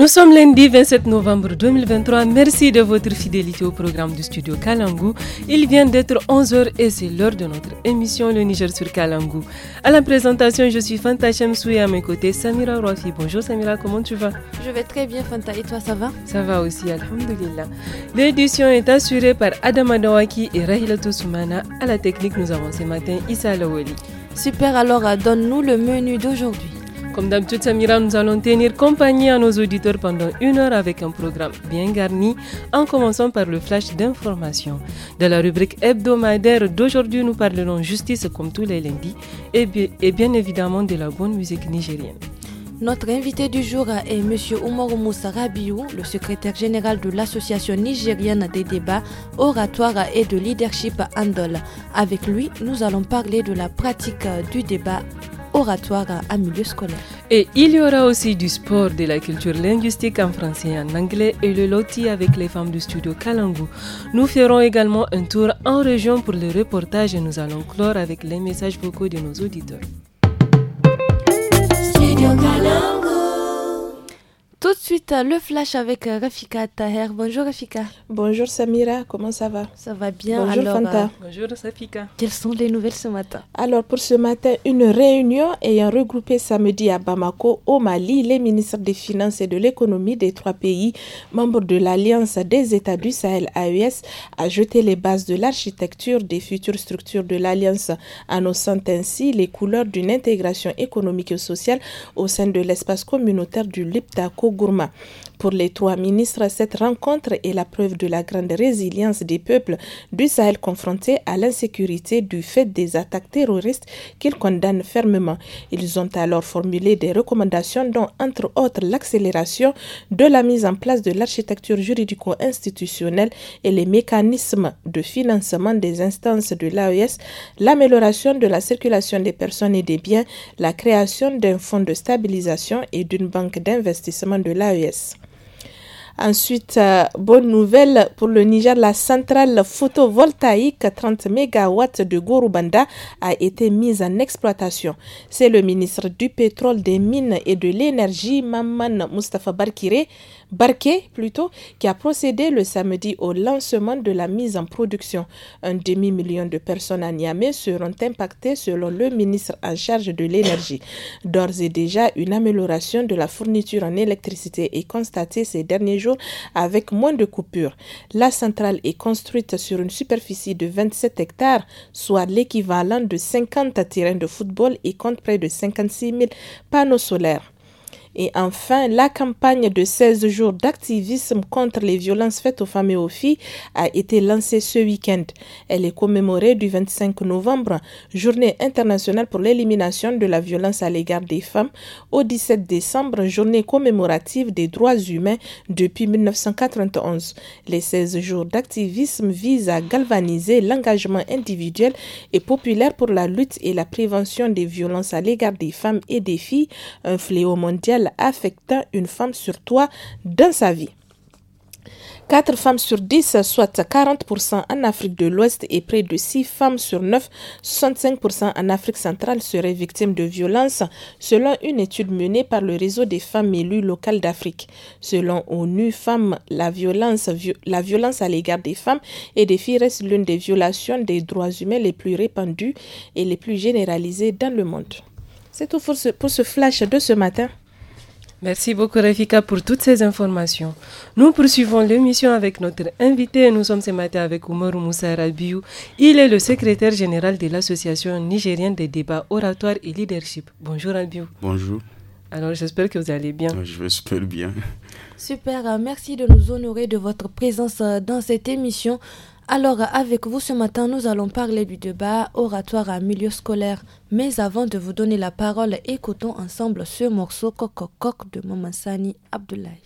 Nous sommes lundi 27 novembre 2023. Merci de votre fidélité au programme du studio Kalangu. Il vient d'être 11h et c'est l'heure de notre émission Le Niger sur Kalangu. À la présentation, je suis Fanta Chemsou à mes côtés Samira Roafi. Bonjour Samira, comment tu vas Je vais très bien Fanta et toi ça va Ça va aussi, Alhamdulillah. L'édition est assurée par Adam Adawaki et Rahila Soumana. À la technique, nous avons ce matin Issa Lawali. Super, alors euh, donne-nous le menu d'aujourd'hui. Comme d'habitude, Samira, nous allons tenir compagnie à nos auditeurs pendant une heure avec un programme bien garni, en commençant par le flash d'informations. de la rubrique hebdomadaire d'aujourd'hui, nous parlerons justice comme tous les lundis et bien évidemment de la bonne musique nigérienne. Notre invité du jour est M. Oumar Moussa Rabiou, le secrétaire général de l'Association nigérienne des débats oratoires et de leadership Andol. Avec lui, nous allons parler de la pratique du débat oratoire à milieu scolaire. Et il y aura aussi du sport, de la culture linguistique en français et en anglais et le loti avec les femmes du studio Kalangu. Nous ferons également un tour en région pour le reportage et nous allons clore avec les messages vocaux de nos auditeurs. Studio tout de suite, euh, le flash avec euh, Rafika Taher. Bonjour Rafika. Bonjour Samira, comment ça va Ça va bien. Bonjour Fanta. Euh, bonjour Rafika. Quelles sont les nouvelles ce matin Alors pour ce matin, une réunion ayant regroupé samedi à Bamako, au Mali, les ministres des Finances et de l'économie des trois pays membres de l'Alliance des États du Sahel AES a jeté les bases de l'architecture des futures structures de l'Alliance, annonçant ainsi les couleurs d'une intégration économique et sociale au sein de l'espace communautaire du Liptako gourmand. Pour les trois ministres, cette rencontre est la preuve de la grande résilience des peuples du Sahel confrontés à l'insécurité du fait des attaques terroristes qu'ils condamnent fermement. Ils ont alors formulé des recommandations dont, entre autres, l'accélération de la mise en place de l'architecture juridico-institutionnelle et les mécanismes de financement des instances de l'AES, l'amélioration de la circulation des personnes et des biens, la création d'un fonds de stabilisation et d'une banque d'investissement de l'AES. Ensuite, euh, bonne nouvelle pour le Niger, la centrale photovoltaïque 30 MW de Gorubanda a été mise en exploitation. C'est le ministre du Pétrole, des Mines et de l'Énergie, Mamman Mustafa Barkire. Barquet, plutôt, qui a procédé le samedi au lancement de la mise en production. Un demi-million de personnes à Niamey seront impactées selon le ministre en charge de l'énergie. D'ores et déjà, une amélioration de la fourniture en électricité est constatée ces derniers jours avec moins de coupures. La centrale est construite sur une superficie de 27 hectares, soit l'équivalent de 50 terrains de football et compte près de 56 000 panneaux solaires. Et enfin, la campagne de 16 jours d'activisme contre les violences faites aux femmes et aux filles a été lancée ce week-end. Elle est commémorée du 25 novembre, journée internationale pour l'élimination de la violence à l'égard des femmes, au 17 décembre, journée commémorative des droits humains depuis 1991. Les 16 jours d'activisme visent à galvaniser l'engagement individuel et populaire pour la lutte et la prévention des violences à l'égard des femmes et des filles, un fléau mondial affectant une femme sur trois dans sa vie. 4 femmes sur 10, soit 40% en Afrique de l'Ouest et près de 6 femmes sur 9, 65% en Afrique centrale seraient victimes de violences, selon une étude menée par le réseau des femmes élues locales d'Afrique. Selon ONU Femmes, la violence, la violence à l'égard des femmes et des filles reste l'une des violations des droits humains les plus répandues et les plus généralisées dans le monde. C'est tout pour ce flash de ce matin. Merci beaucoup Rafika pour toutes ces informations. Nous poursuivons l'émission avec notre invité nous sommes ce matin avec Oumar Moussa Albiou. Il est le secrétaire général de l'Association nigérienne des débats oratoires et leadership. Bonjour Albiou. Bonjour. Alors j'espère que vous allez bien. Je super bien. Super, euh, merci de nous honorer de votre présence euh, dans cette émission. Alors, avec vous ce matin, nous allons parler du débat oratoire à milieu scolaire. Mais avant de vous donner la parole, écoutons ensemble ce morceau Coco Coq de Sani Abdoulaye.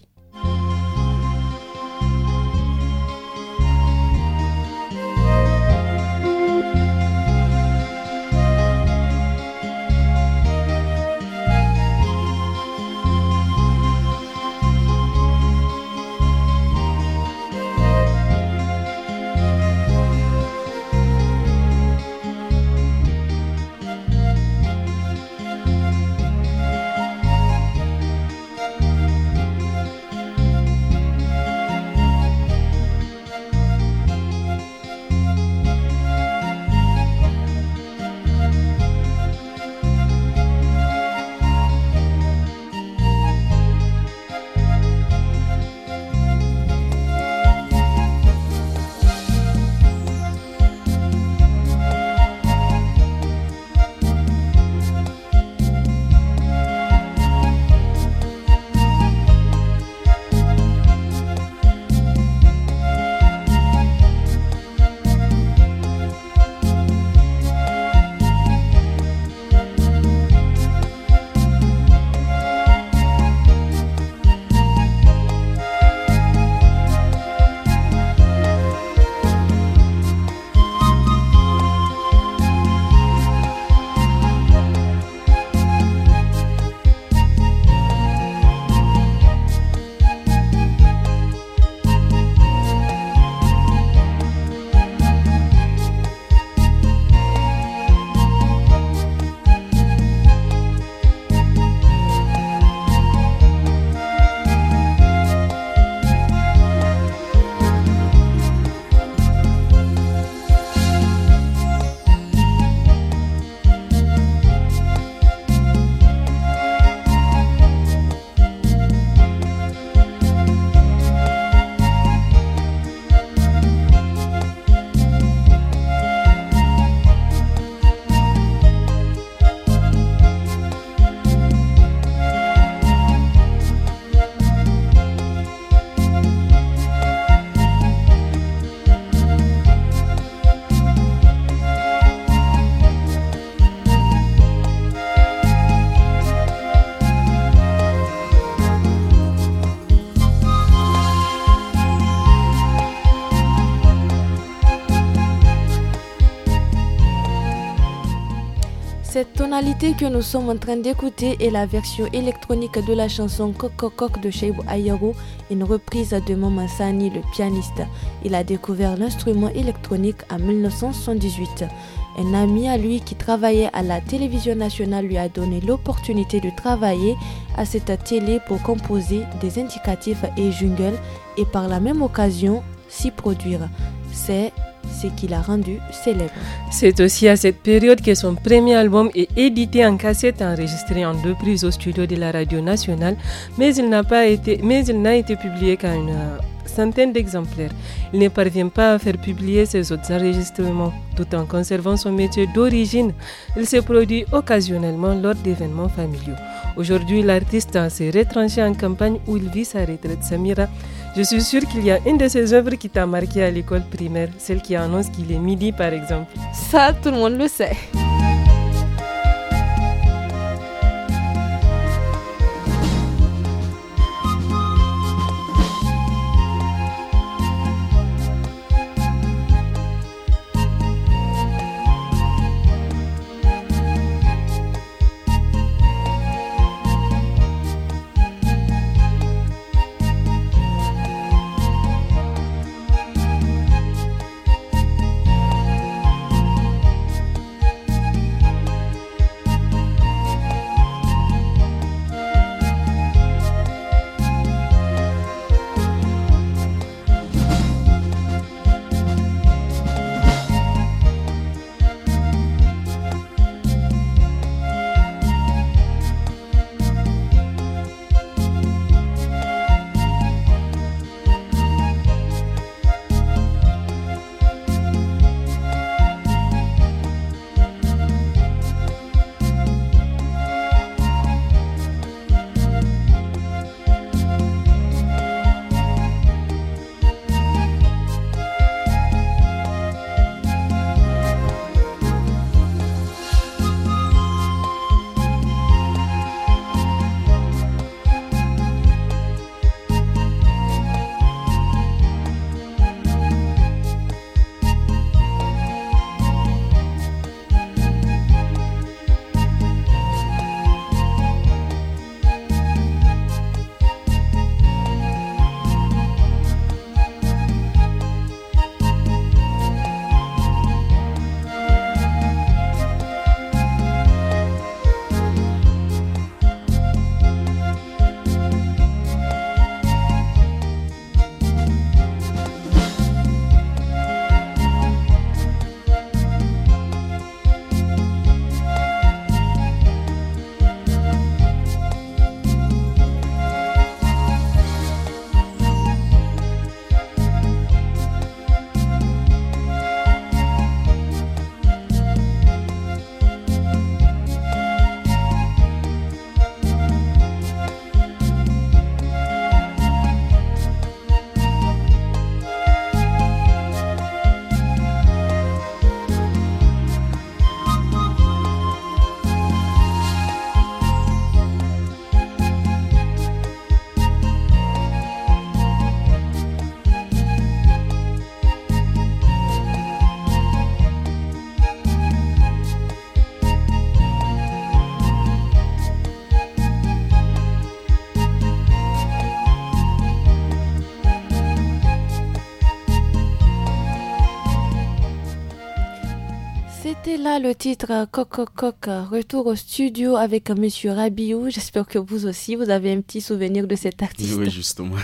La tonalité que nous sommes en train d'écouter est la version électronique de la chanson Coq de Shaibu Ayaru, une reprise de Maman Sani, le pianiste. Il a découvert l'instrument électronique en 1978. Un ami à lui qui travaillait à la télévision nationale lui a donné l'opportunité de travailler à cette télé pour composer des indicatifs et jungles et par la même occasion s'y produire. C'est ce qui l'a rendu célèbre. C'est aussi à cette période que son premier album est édité en cassette enregistré en deux prises au studio de la Radio Nationale, mais il n'a pas été mais il n'a été publié qu'à une euh, centaine d'exemplaires. Il ne parvient pas à faire publier ses autres enregistrements. Tout en conservant son métier d'origine, il se produit occasionnellement lors d'événements familiaux. Aujourd'hui, l'artiste s'est retranché en campagne où il vit sa retraite. Samira je suis sûre qu'il y a une de ces œuvres qui t'a marqué à l'école primaire, celle qui annonce qu'il est midi par exemple. Ça, tout le monde le sait. C'était là le titre euh, coco euh, Retour au studio avec euh, Monsieur Rabiou. J'espère que vous aussi, vous avez un petit souvenir de cet artiste. Oui, justement.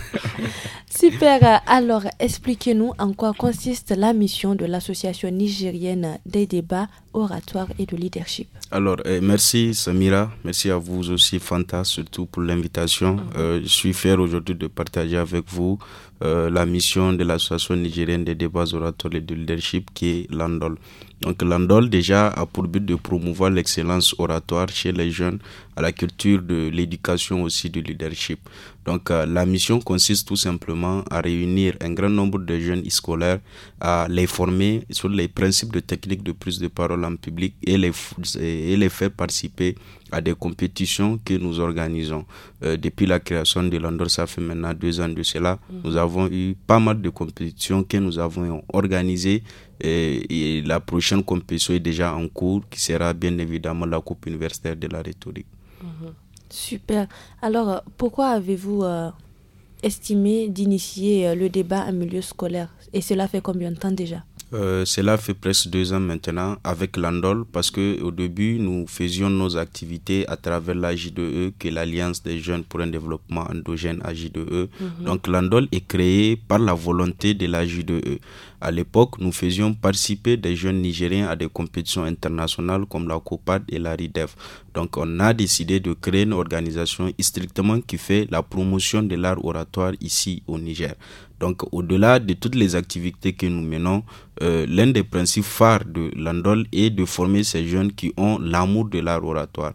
Super. Alors, expliquez-nous en quoi consiste la mission de l'Association nigérienne des débats oratoires et de leadership. Alors, merci Samira. Merci à vous aussi, Fanta, surtout pour l'invitation. Mhm. je suis fier aujourd'hui de partager avec vous la mission de l'Association nigérienne des débats oratoires et de leadership qui est l'ANDOL. Donc l'Andol déjà a pour but de promouvoir l'excellence oratoire chez les jeunes, à la culture de l'éducation aussi du leadership. Donc euh, la mission consiste tout simplement à réunir un grand nombre de jeunes scolaires, à les former sur les principes de technique de prise de parole en public et les, faire participer à des compétitions que nous organisons. Euh, depuis la création de l'Andor, ça fait maintenant deux ans de cela, mm. nous avons eu pas mal de compétitions que nous avons organisées et, la prochaine compétition est déjà en cours qui sera bien évidemment la Coupe universitaire de la rhétorique. Mm-hmm. Super. Alors, euh, pourquoi avez-vous euh, estimé d'initier euh, le débat en milieu scolaire Et cela fait combien de temps déjà cela fait presque deux ans maintenant avec l'Andol parce que au début nous faisions nos activités à travers la J2E qui est l'Alliance des jeunes pour un développement endogène à J2E. Mhm. Donc l'Andol est créé par la volonté de la J2E. À l'époque, nous faisions participer des jeunes Nigériens à des compétitions internationales comme la COPAD et la RIDEF. Donc on a décidé de créer une organisation strictement qui fait la promotion de l'art oratoire ici au Niger. Donc au-delà de toutes les activités que nous menons, euh, l'un des principes phares de l'Andol est de former ces jeunes qui ont l'amour de l'art oratoire.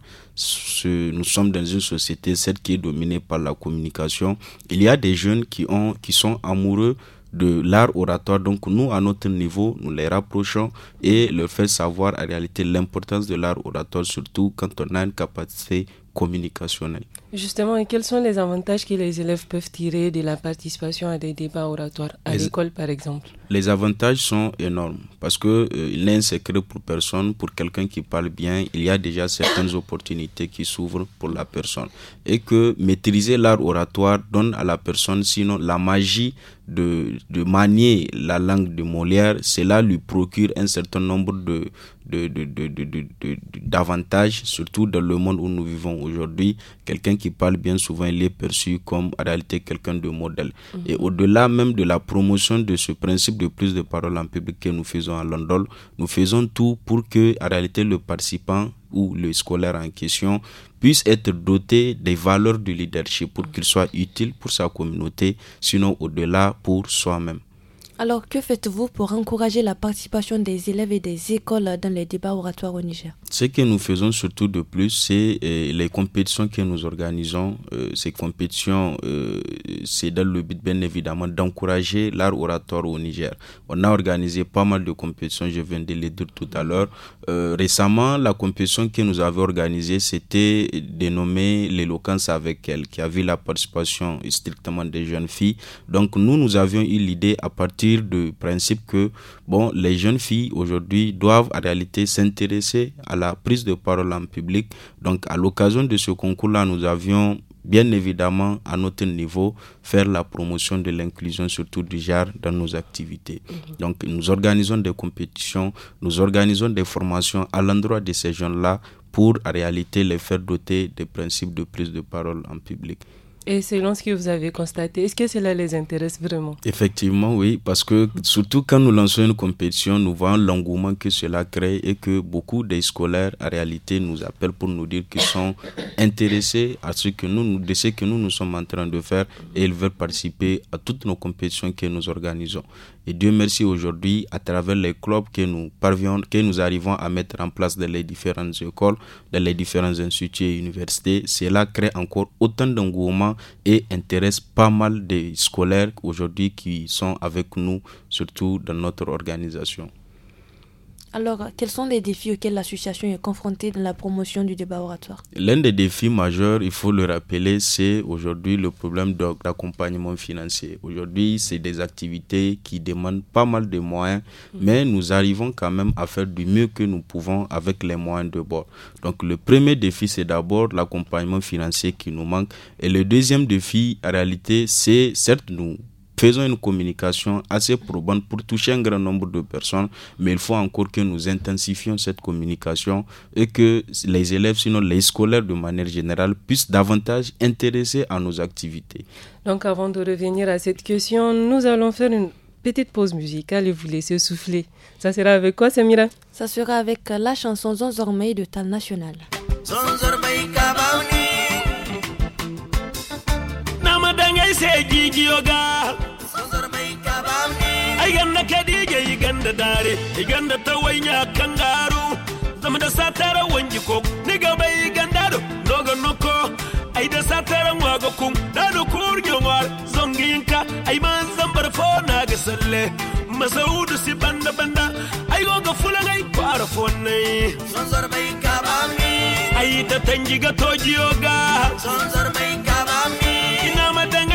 nous sommes dans une société, celle qui est dominée par la communication. Il y a des jeunes qui, ont, qui sont amoureux de l'art oratoire. Donc nous, à notre niveau, nous les rapprochons et leur faire savoir en réalité l'importance de l'art oratoire, surtout quand on a une capacité communicationnelle. Justement, et quels sont les avantages que les élèves peuvent tirer de la participation à des débats oratoires à l'école, par exemple Les avantages sont énormes parce que euh, l'un secret pour personne, pour quelqu'un qui parle bien, il y a déjà certaines opportunités qui s'ouvrent pour la personne et que maîtriser l'art oratoire donne à la personne sinon la magie de manier la langue de Molière, cela lui procure un certain nombre de, de, davantage, surtout dans le monde où nous vivons aujourd'hui. Quelqu'un qui parle bien souvent, il est perçu comme en réalité quelqu'un de modèle. Mhm. Et au-delà même de la promotion de ce principe de plus de parole en public que nous faisons à London, nous faisons tout pour que en réalité le participant ou le scolaire en question puisse être doté des valeurs du leadership pour mhm. qu'il soit utile pour sa communauté, sinon au-delà pour soi-même. Alors, que faites-vous pour encourager la participation des élèves et des écoles dans les débats oratoires au Niger Ce que nous faisons surtout de plus, c'est euh, les compétitions que nous organisons. Euh, ces compétitions, euh, c'est dans le but, bien évidemment, d'encourager l'art oratoire au Niger. On a organisé pas mal de compétitions, je viens de les dire tout à l'heure. Récemment, la compétition que nous avons organisée, c'était dénommée l'éloquence avec elle, qui avait la participation strictement des jeunes filles. Donc, nous, nous avions eu l'idée à partir de du principe que bon, les jeunes filles aujourd'hui doivent en réalité s'intéresser à la prise de parole en public. Donc à l'occasion de ce concours-là, nous avions bien évidemment à notre niveau faire la promotion de l'inclusion surtout du genre dans nos activités. Mhm. Donc nous organisons des compétitions, nous organisons des formations à l'endroit de ces jeunes-là pour en réalité les faire doter des principes de prise de parole en public. Et selon ce que vous avez constaté, est-ce que cela les intéresse vraiment Effectivement, oui, parce que surtout quand nous lançons une compétition, nous voyons l'engouement que cela crée et que beaucoup des scolaires, en réalité, nous appellent pour nous dire qu'ils sont intéressés à ce que nous, de ce que nous, nous sommes en train de faire et ils veulent participer à toutes nos compétitions que nous organisons. Et Dieu merci aujourd'hui, à travers les clubs que nous parvions, que nous arrivons à mettre en place dans les différentes écoles, dans les différents instituts et universités, cela crée encore autant d'engouement et intéresse pas mal de scolaires aujourd'hui qui sont avec nous, surtout dans notre organisation. Alors, quels sont les défis auxquels l'association est confrontée dans la promotion du débat oratoire L'un des défis majeurs, il faut le rappeler, c'est aujourd'hui le problème d'accompagnement financier. Aujourd'hui, c'est des activités qui demandent pas mal de moyens, mhm. mais nous arrivons quand même à faire du mieux que nous pouvons avec les moyens de bord. Donc, le premier défi, c'est d'abord l'accompagnement financier qui nous manque. Et le deuxième défi, en réalité, c'est certes nous faisons une communication assez probante pour toucher un grand nombre de personnes, mais il faut encore que nous intensifions cette communication et que les élèves, sinon les scolaires de manière générale, puissent davantage intéresser à nos activités. Donc avant de revenir à cette question, nous allons faire une petite pause musicale et vous laisser souffler. Ça sera avec quoi, Samira Ça sera avec la chanson Zonzormei de Tal National. say gigiyo ga ai ganna kadige yi ganda dare yi ganda ta wanya kangaru zama da satara wangi ko ni ga bai ganda do noga noko ai da satara waga kun da do kurgin war zonginka ai man zambar fo na ga salle masaudu si banda banda ai goga fulan ai kwara fonai son zarbai ka bami ai da tangi ga tojiyo ga son zarbai ka bami ina madanga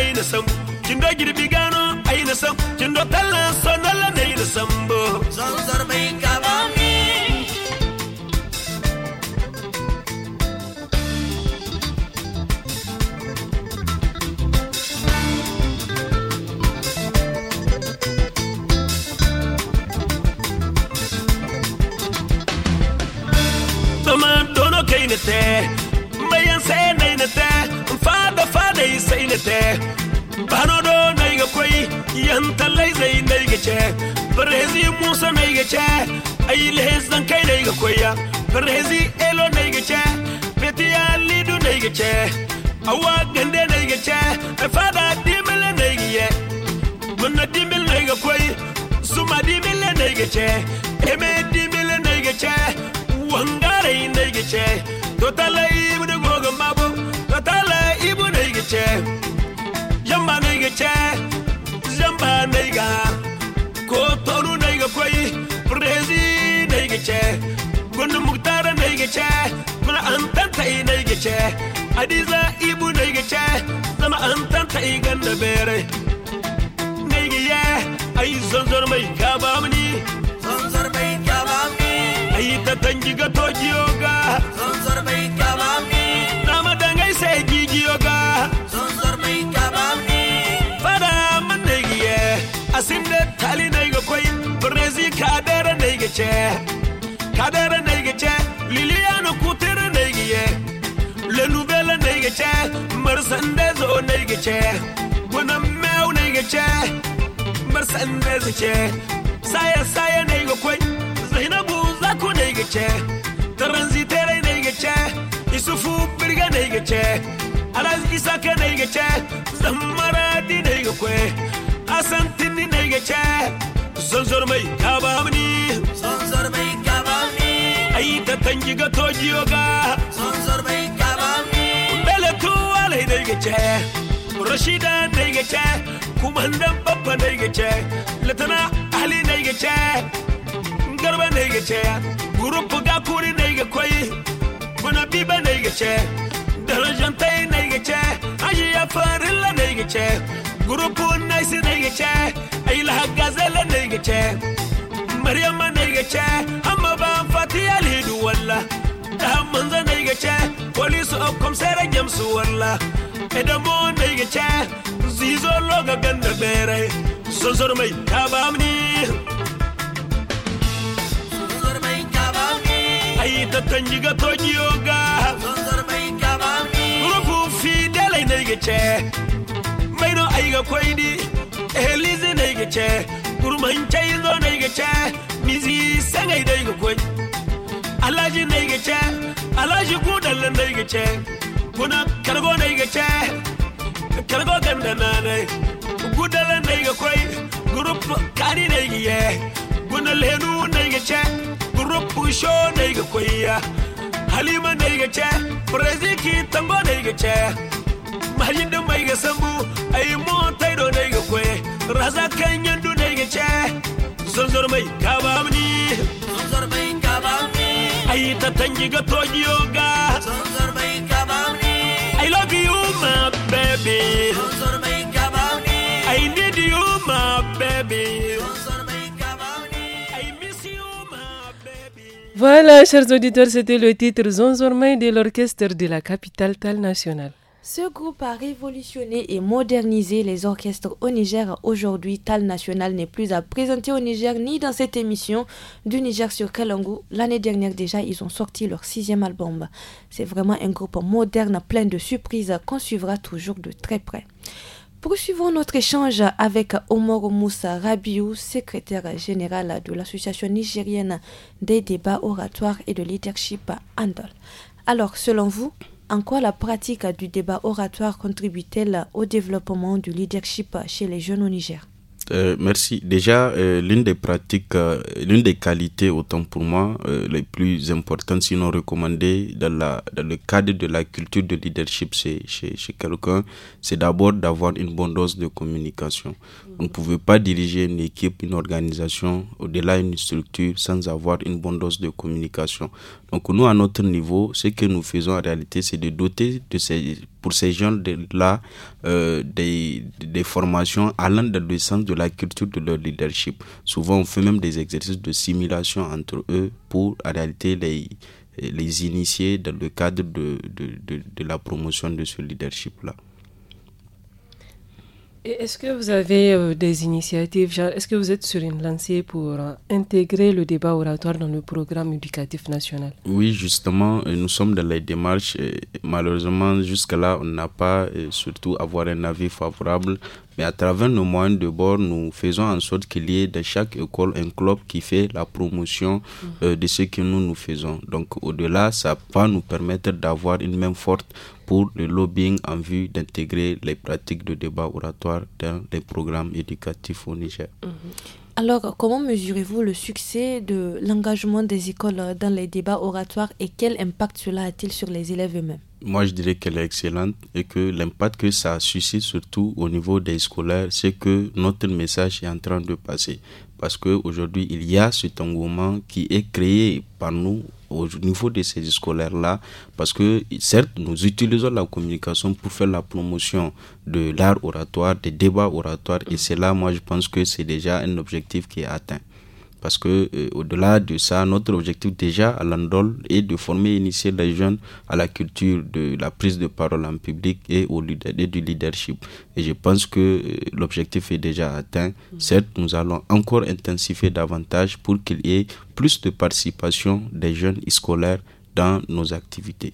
da sam kin do girbi gano ayi da sam kin do talla sanalla da yi da sam bo zan zarbai ka ba mi Toma dono kai na te, bayan sai ne na te, fada fada yi sai na te. Banodo naiga koi yantalai zai naiga ce Barhezi Musa naiga ce ai lehezan kai naiga koi ya Barhezi Elo naiga ce Betiya Lidu naiga ce Awa gande naiga ce Fada dimile naiga ye Bunna dimile naiga koi Suma dimile naiga ce Eme dimile naiga ce Wangare naiga ce Totala ibu da gogon babu Totala ibu naiga ce cece zamba naiga ko tonu naiga koi prezi naiga ce gundu muktara naiga ce mala antanta i naiga ce adiza ibu naiga ce zama antanta i ganda bere naiga ye ai zonzor mai gabamni zonzor mai gabamni ai ta tangi ga tokiyo ga zonzor mai gabamni neigiche kadere neigiche liliano kutere neigiye le nouvelle neigiche mercedes o neigiche wana meu neigiche mercedes che saya saya neigo kwen zainabu zaku neigiche transitere neigiche isufu birga neigiche alas isaka neigiche zamarati neigo kwe asantini neigiche zanzarmai ka ba mini zanzarmai ka ba mini ai ta tangi ga tojiyo ga zanzarmai ka ba mini dala tuwa lai dai ga ce rashida dai ga ce kumandan babba dai ga ce latana ali dai ga ce garba dai ga ce gurup ga kuri dai ga koi kuna biba dai ga ce darajantai dai gice ajiya farin la na gice gurupu naisi na gice ayila maryama na amma ban fati alhidu walla da manza na gice polisu okkom sere jamsu walla edamo na gice zizo loga ganda bere sozor mai tabamni sozor mai tabamni ayi tatanjiga tojiyoga sozor gice mai aiga kwaidi helizi na gice gurman cai zo na gice mizi sangai da ga kwai alaji na gice alaji gudan nan na gice guna kargo na gice kargo ganda na nai gudan na ga kwai grup kari na giye guna lenu na gice grup show na ga kwai halima na gice preziki tango na gice mahajin din bai ga sambu ai mo taido dai ga kwe raza kan yandu dai ga ce zanzor mai ka ba mni zanzor mai ka ba mni ai ta tangi ga togiyo ga zanzor mai ka ba mni i love you my baby zanzor mai ka ba mni i need you my baby Voilà, chers auditeurs, c'était le titre Zonzormain de l'orchestre de la capitale Tal nationale. Ce groupe a révolutionné et modernisé les orchestres au Niger. Aujourd'hui, Tal National n'est plus à présenter au Niger ni dans cette émission du Niger sur Kalangu. L'année dernière déjà, ils ont sorti leur sixième album. C'est vraiment un groupe moderne plein de surprises qu'on suivra toujours de très près. Poursuivons notre échange avec Omar Moussa Rabiou, secrétaire général de l'Association nigérienne des débats oratoires et de leadership Andol. Alors, selon vous, en quoi la pratique du débat oratoire contribue-t-elle au développement du leadership chez les jeunes au Niger euh, merci. Déjà, euh, l'une des pratiques, euh, l'une des qualités, autant pour moi, les plus importantes, sinon recommandées dans, la, le cadre de la culture de leadership chez quelqu'un, c'est d'abord d'avoir une bonne dose de communication. On ne pouvait pas diriger une équipe, une organisation, au-delà d'une structure, sans avoir une bonne dose de communication. Donc nous, à notre niveau, ce que nous faisons en réalité, c'est de doter de ces, pour ces jeunes-là euh, des, formations allant dans le sens de la culture de leur leadership. Souvent, on fait même des exercices de simulation entre eux pour en réalité les initier dans le cadre de la promotion de ce leadership-là est-ce que vous avez euh, des initiatives, est-ce que vous êtes sur une lancée pour euh, intégrer le débat oratoire dans le programme éducatif national Oui, justement, euh, nous sommes dans les démarches. malheureusement, jusque-là, on n'a pas, surtout, avoir un avis favorable et à travers nos moyens de bord, nous faisons en sorte qu'il y ait dans chaque école un club qui fait la promotion mhm. euh, de ce que nous nous faisons. Donc au-delà, ça va nous permettre d'avoir une main forte pour le lobbying en vue d'intégrer les pratiques de débat oratoire dans les programmes éducatifs au Niger. Mhm. Alors, comment mesurez-vous le succès de l'engagement des écoles dans les débats oratoires et quel impact cela a-t-il sur les élèves eux-mêmes moi je dirais qu'elle est excellente et que l'impact que ça suscite surtout au niveau des scolaires, c'est que notre message est en train de passer. Parce qu'aujourd'hui, il y a cet engouement qui est créé par nous au niveau de ces scolaires-là, parce que certes, nous utilisons la communication pour faire la promotion de l'art oratoire, des débats oratoires, et c'est là, moi, je pense que c'est déjà un objectif qui est atteint. Parce que euh, au-delà de ça, notre objectif déjà à l'Andol est de former et initier les jeunes à la culture de la prise de parole en public et, au, du leadership. Et je pense que euh, l'objectif est déjà atteint. Mm. Certes, nous allons encore intensifier davantage pour qu'il y ait plus de participation des jeunes scolaires dans nos activités.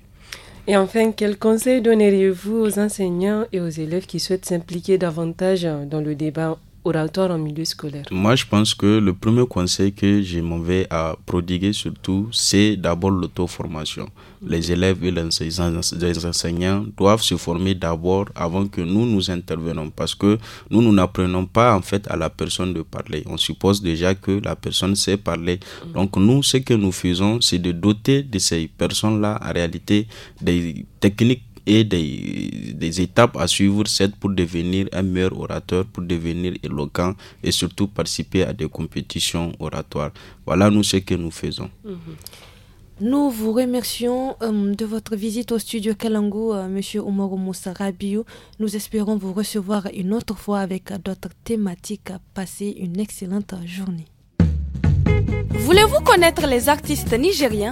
Et enfin, quel conseil donneriez-vous aux enseignants et aux élèves qui souhaitent s'impliquer davantage dans le débat orateur en milieu scolaire Moi, je pense que le premier conseil que je m'en vais à prodiguer surtout, c'est d'abord l'auto-formation. Les élèves et les enseignants doivent se former d'abord avant que nous nous intervenons parce que nous, nous n'apprenons pas en fait à la personne de parler. On suppose déjà que la personne sait parler. Donc nous, ce que nous faisons, c'est de doter de ces personnes-là en réalité des techniques et des, étapes à suivre pour devenir un meilleur orateur, pour devenir éloquent et surtout participer à des compétitions oratoires. Voilà nous ce que nous faisons. Mhm. Nous vous remercions euh, de votre visite au studio Kalango, euh, Monsieur Omar Moussa Nous espérons vous recevoir une autre fois avec d'autres thématiques. Passez une excellente journée. Voulez-vous connaître les artistes nigériens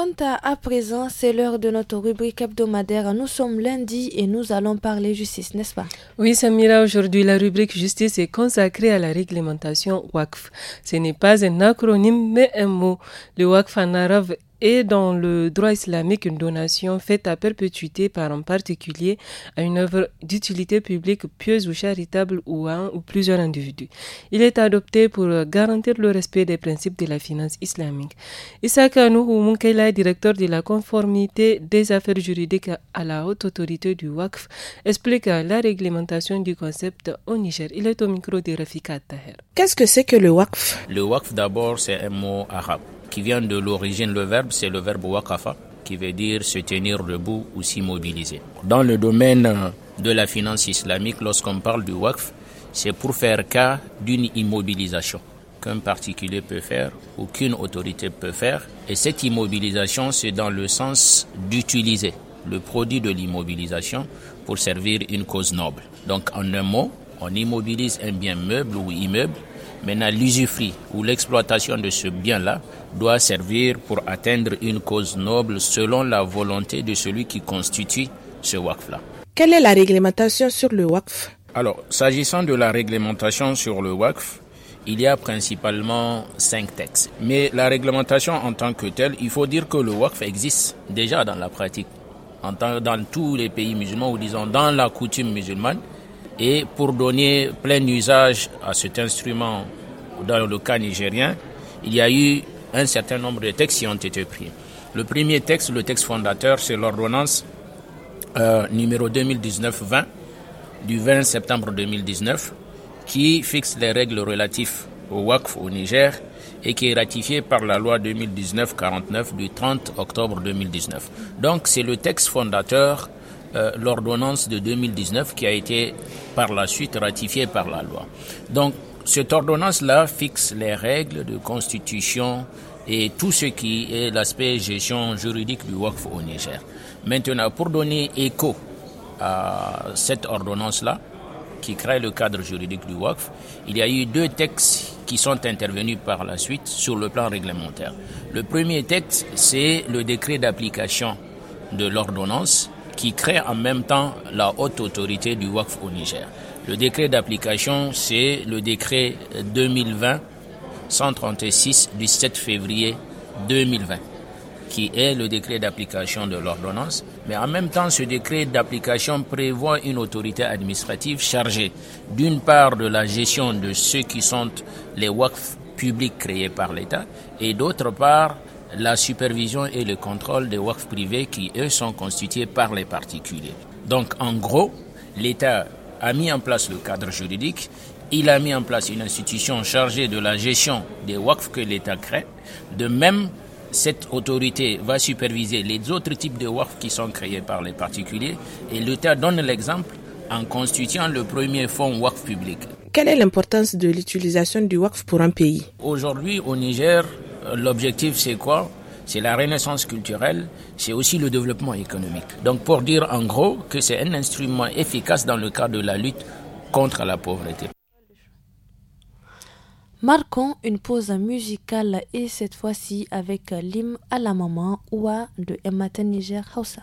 Quant à présent, c'est l'heure de notre rubrique hebdomadaire. Nous sommes lundi et nous allons parler justice, n'est-ce pas Oui, Samira, aujourd'hui, la rubrique justice est consacrée à la réglementation WACF. Ce n'est pas un acronyme, mais un mot. Le WACF en arabe et dans le droit islamique, une donation faite à perpétuité par un particulier à une œuvre d'utilité publique pieuse ou charitable ou à un ou plusieurs individus. Il est adopté pour garantir le respect des principes de la finance islamique. Issa Nouhou Moukela, directeur de la conformité des affaires juridiques à la haute autorité du WACF, explique la réglementation du concept au Niger. Il est au micro de Rafika Tahir. Qu'est-ce que c'est que le WACF Le WACF d'abord, c'est un mot arabe vient de l'origine, le verbe, c'est le verbe wakafa, qui veut dire se tenir debout ou s'immobiliser. Dans le domaine euh, de la finance islamique, lorsqu'on parle du wakf, c'est pour faire cas d'une immobilisation qu'un particulier peut faire ou qu'une autorité peut faire. Et cette immobilisation, c'est dans le sens d'utiliser le produit de l'immobilisation pour servir une cause noble. Donc en un mot, on immobilise un bien meuble ou immeuble, mais l'usufruit ou l'exploitation de ce bien-là doit servir pour atteindre une cause noble selon la volonté de celui qui constitue ce WACF-là. Quelle est la réglementation sur le WACF Alors, s'agissant de la réglementation sur le WACF, il y a principalement cinq textes. Mais la réglementation en tant que telle, il faut dire que le WACF existe déjà dans la pratique, dans tous les pays musulmans, ou disons dans la coutume musulmane. Et pour donner plein usage à cet instrument dans le cas nigérien, il y a eu un certain nombre de textes y ont été pris. Le premier texte, le texte fondateur, c'est l'ordonnance euh, numéro 2019-20 du 20 septembre 2019 qui fixe les règles relatives au WACF au Niger et qui est ratifiée par la loi 2019-49 du 30 octobre 2019. Donc c'est le texte fondateur, euh, l'ordonnance de 2019 qui a été par la suite ratifiée par la loi. Donc cette ordonnance-là fixe les règles de constitution et tout ce qui est l'aspect gestion juridique du WACF au Niger. Maintenant, pour donner écho à cette ordonnance-là, qui crée le cadre juridique du WACF, il y a eu deux textes qui sont intervenus par la suite sur le plan réglementaire. Le premier texte, c'est le décret d'application de l'ordonnance qui crée en même temps la haute autorité du WACF au Niger. Le décret d'application, c'est le décret 2020-136 du 7 février 2020, qui est le décret d'application de l'ordonnance. Mais en même temps, ce décret d'application prévoit une autorité administrative chargée, d'une part, de la gestion de ceux qui sont les WACF publics créés par l'État, et d'autre part, la supervision et le contrôle des WACF privés qui, eux, sont constitués par les particuliers. Donc, en gros, l'État a mis en place le cadre juridique, il a mis en place une institution chargée de la gestion des WACF que l'État crée. De même, cette autorité va superviser les autres types de WACF qui sont créés par les particuliers et l'État donne l'exemple en constituant le premier fonds WACF public. Quelle est l'importance de l'utilisation du WACF pour un pays Aujourd'hui, au Niger, euh, l'objectif c'est quoi c'est la renaissance culturelle, c'est aussi le développement économique. Donc pour dire en gros que c'est un instrument efficace dans le cadre de la lutte contre la pauvreté. Marquons une pause musicale et cette fois-ci avec l'hymne à la maman Oua de Emmaten Niger Hausa.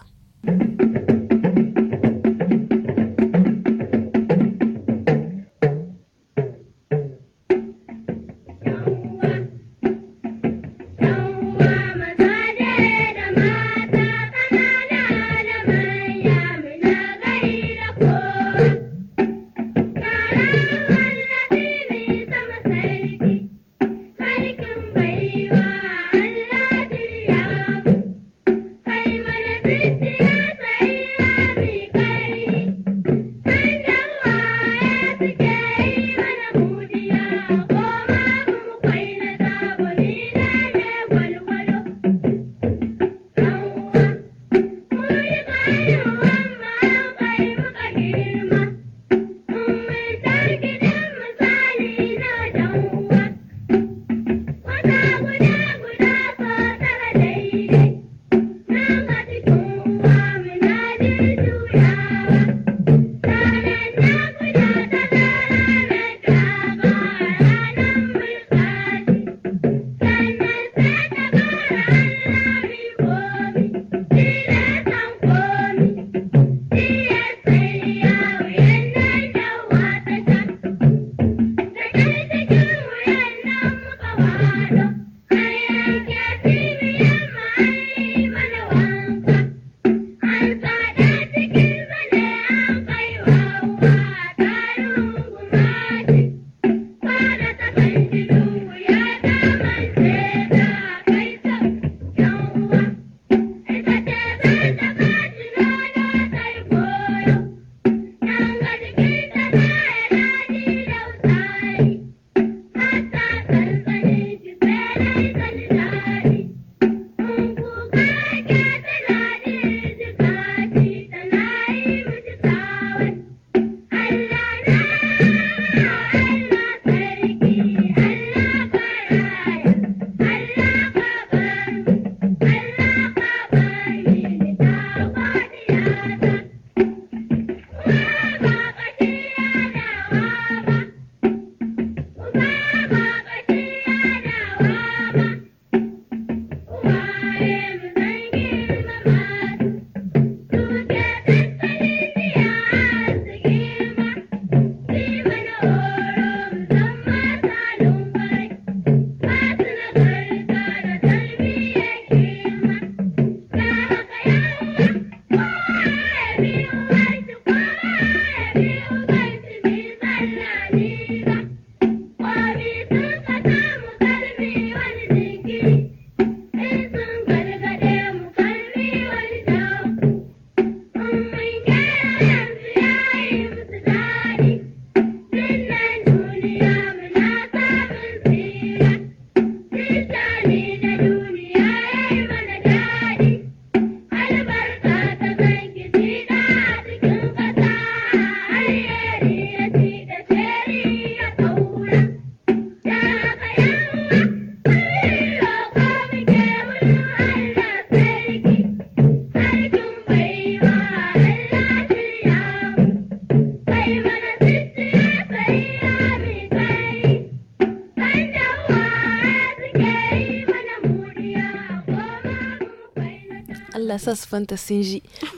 Fanta